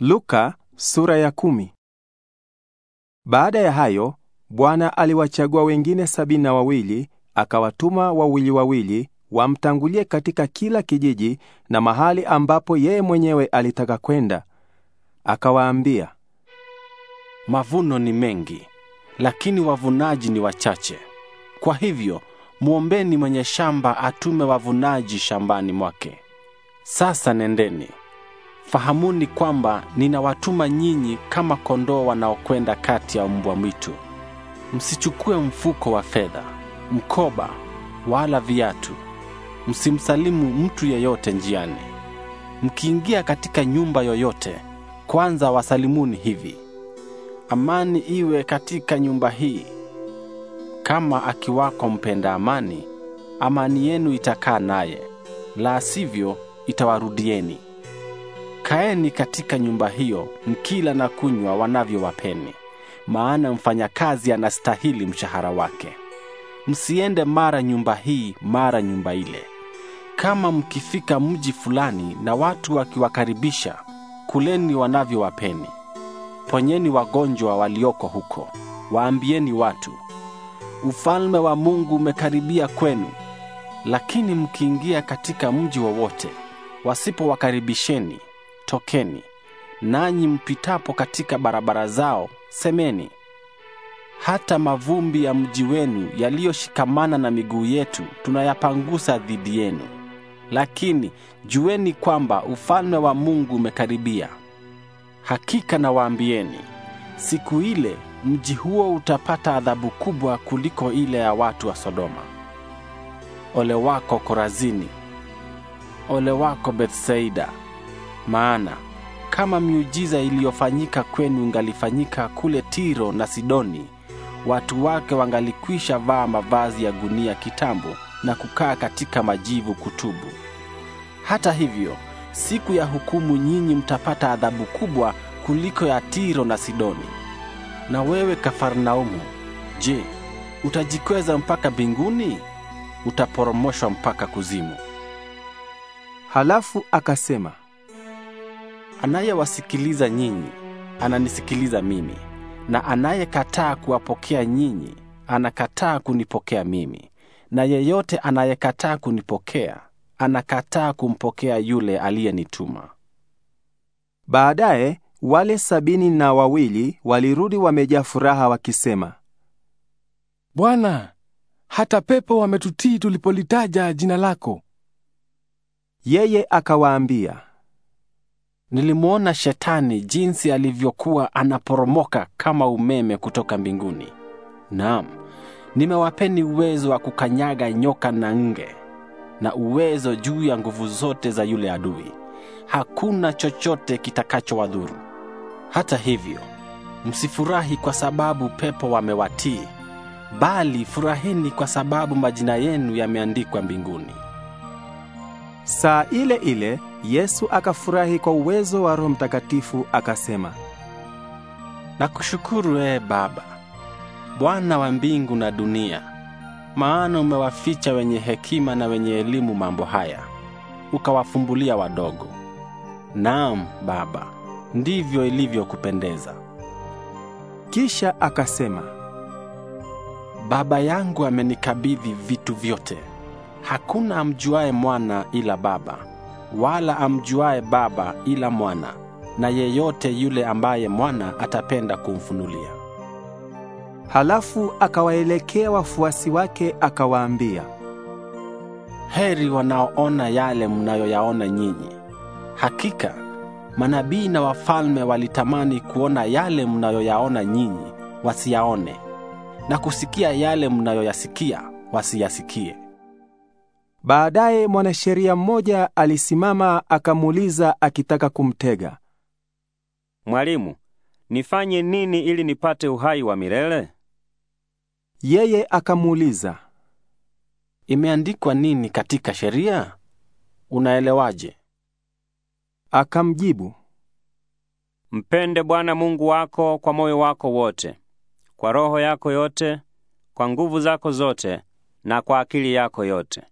Luka sura ya kumi. Baada ya hayo Bwana aliwachagua wengine sabini na wawili akawatuma wawili wawili wamtangulie katika kila kijiji na mahali ambapo yeye mwenyewe alitaka kwenda. Akawaambia, mavuno ni mengi, lakini wavunaji ni wachache. Kwa hivyo mwombeni mwenye shamba atume wavunaji shambani mwake. Sasa nendeni fahamuni kwamba ninawatuma nyinyi kama kondoo wanaokwenda kati ya mbwa mwitu. Msichukue mfuko wa fedha, mkoba wala viatu. Msimsalimu mtu yeyote njiani. Mkiingia katika nyumba yoyote, kwanza wasalimuni hivi: amani iwe katika nyumba hii. Kama akiwako mpenda amani, amani yenu itakaa naye, la sivyo itawarudieni kaeni katika nyumba hiyo mkila na kunywa wanavyowapeni, maana mfanyakazi anastahili mshahara wake. Msiende mara nyumba hii mara nyumba ile. Kama mkifika mji fulani na watu wakiwakaribisha, kuleni wanavyowapeni, ponyeni wagonjwa walioko huko, waambieni watu, ufalme wa Mungu umekaribia kwenu. Lakini mkiingia katika mji wowote, wasipowakaribisheni tokeni, nanyi mpitapo katika barabara zao semeni, hata mavumbi ya mji wenu yaliyoshikamana na miguu yetu tunayapangusa dhidi yenu. Lakini jueni kwamba ufalme wa Mungu umekaribia. Hakika nawaambieni, siku ile mji huo utapata adhabu kubwa kuliko ile ya watu wa Sodoma. Ole wako Korazini! Ole wako Bethsaida! Maana kama miujiza iliyofanyika kwenu ingalifanyika kule Tiro na Sidoni, watu wake wangalikwisha vaa mavazi ya gunia kitambo na kukaa katika majivu kutubu. Hata hivyo, siku ya hukumu nyinyi mtapata adhabu kubwa kuliko ya Tiro na Sidoni. Na wewe Kafarnaumu, je, utajikweza mpaka mbinguni? Utaporomoshwa mpaka kuzimu. Halafu akasema Anayewasikiliza nyinyi ananisikiliza mimi, na anayekataa kuwapokea nyinyi anakataa kunipokea mimi, na yeyote anayekataa kunipokea anakataa kumpokea yule aliyenituma. Baadaye wale sabini na wawili walirudi wamejaa furaha wakisema, Bwana, hata pepo wametutii tulipolitaja jina lako. Yeye akawaambia, Nilimwona Shetani jinsi alivyokuwa anaporomoka kama umeme kutoka mbinguni. Naam, nimewapeni uwezo wa kukanyaga nyoka na nge na uwezo juu ya nguvu zote za yule adui. Hakuna chochote kitakachowadhuru. Hata hivyo, msifurahi kwa sababu pepo wamewatii, bali furahini kwa sababu majina yenu yameandikwa mbinguni. Saa ile ile Yesu akafurahi kwa uwezo wa Roho Mtakatifu akasema, Nakushukuru ee Baba, Bwana wa mbingu na dunia, maana umewaficha wenye hekima na wenye elimu mambo haya, ukawafumbulia wadogo. Naam Baba, ndivyo ilivyokupendeza. Kisha akasema, Baba yangu amenikabidhi vitu vyote. Hakuna amjuaye mwana ila Baba wala amjuae Baba ila Mwana, na yeyote yule ambaye Mwana atapenda kumfunulia. Halafu akawaelekea wafuasi wake akawaambia, heri wanaoona yale mnayoyaona nyinyi. Hakika manabii na wafalme walitamani kuona yale mnayoyaona nyinyi, wasiyaone, na kusikia yale mnayoyasikia, wasiyasikie. Baadaye mwanasheria mmoja alisimama akamuuliza akitaka kumtega, Mwalimu, nifanye nini ili nipate uhai wa milele? Yeye akamuuliza, imeandikwa nini katika sheria? Unaelewaje? Akamjibu, mpende Bwana Mungu wako kwa moyo wako wote, kwa roho yako yote, kwa nguvu zako zote na kwa akili yako yote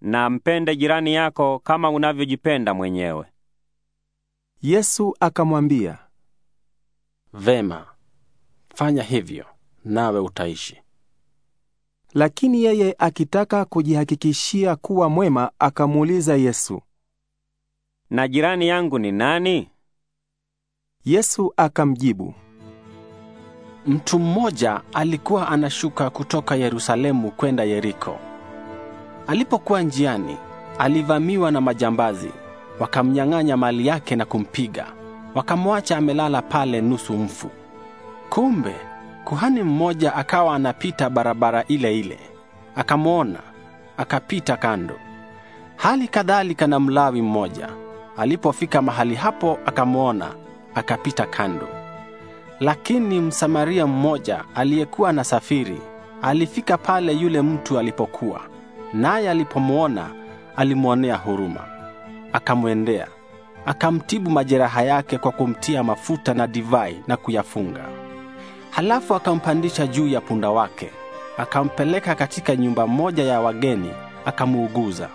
na mpende jirani yako kama unavyojipenda mwenyewe. Yesu akamwambia, Vema, fanya hivyo nawe utaishi. Lakini yeye akitaka kujihakikishia kuwa mwema, akamuuliza Yesu, na jirani yangu ni nani? Yesu akamjibu, mtu mmoja alikuwa anashuka kutoka Yerusalemu kwenda Yeriko. Alipokuwa njiani, alivamiwa na majambazi, wakamnyang'anya mali yake na kumpiga, wakamwacha amelala pale nusu mfu. Kumbe kuhani mmoja akawa anapita barabara ile ile, akamwona, akapita kando. Hali kadhalika na Mlawi mmoja alipofika mahali hapo, akamwona, akapita kando. Lakini Msamaria mmoja aliyekuwa na safiri alifika pale yule mtu alipokuwa naye alipomwona alimwonea huruma, akamwendea, akamtibu majeraha yake kwa kumtia mafuta na divai na kuyafunga. Halafu akampandisha juu ya punda wake, akampeleka katika nyumba moja ya wageni, akamuuguza.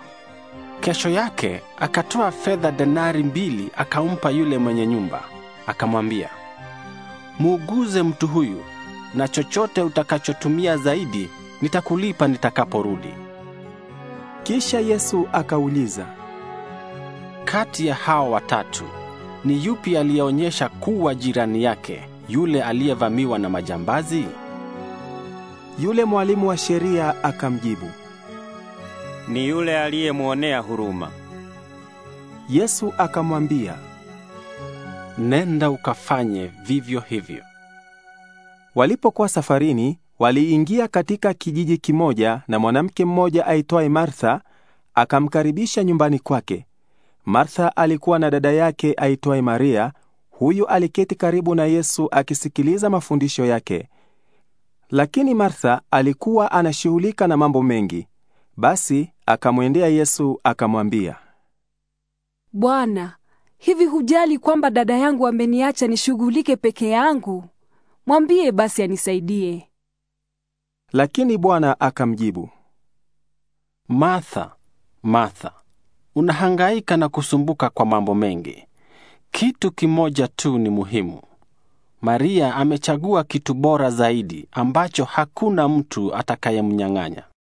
Kesho yake akatoa fedha denari mbili, akampa yule mwenye nyumba, akamwambia, muuguze mtu huyu, na chochote utakachotumia zaidi nitakulipa nitakaporudi. Kisha Yesu akauliza, kati ya hao watatu ni yupi aliyeonyesha kuwa jirani yake yule aliyevamiwa na majambazi? Yule mwalimu wa sheria akamjibu, ni yule aliyemwonea huruma. Yesu akamwambia, nenda ukafanye vivyo hivyo. Walipokuwa safarini, Waliingia katika kijiji kimoja na mwanamke mmoja aitwaye Martha akamkaribisha nyumbani kwake. Martha alikuwa na dada yake aitwaye Maria, huyu aliketi karibu na Yesu akisikiliza mafundisho yake. Lakini Martha alikuwa anashughulika na mambo mengi. Basi akamwendea Yesu akamwambia, Bwana, hivi hujali kwamba dada yangu ameniacha nishughulike peke yangu? Mwambie basi anisaidie. Lakini Bwana akamjibu, Martha, Martha, unahangaika na kusumbuka kwa mambo mengi. Kitu kimoja tu ni muhimu. Maria amechagua kitu bora zaidi ambacho hakuna mtu atakayemnyang'anya.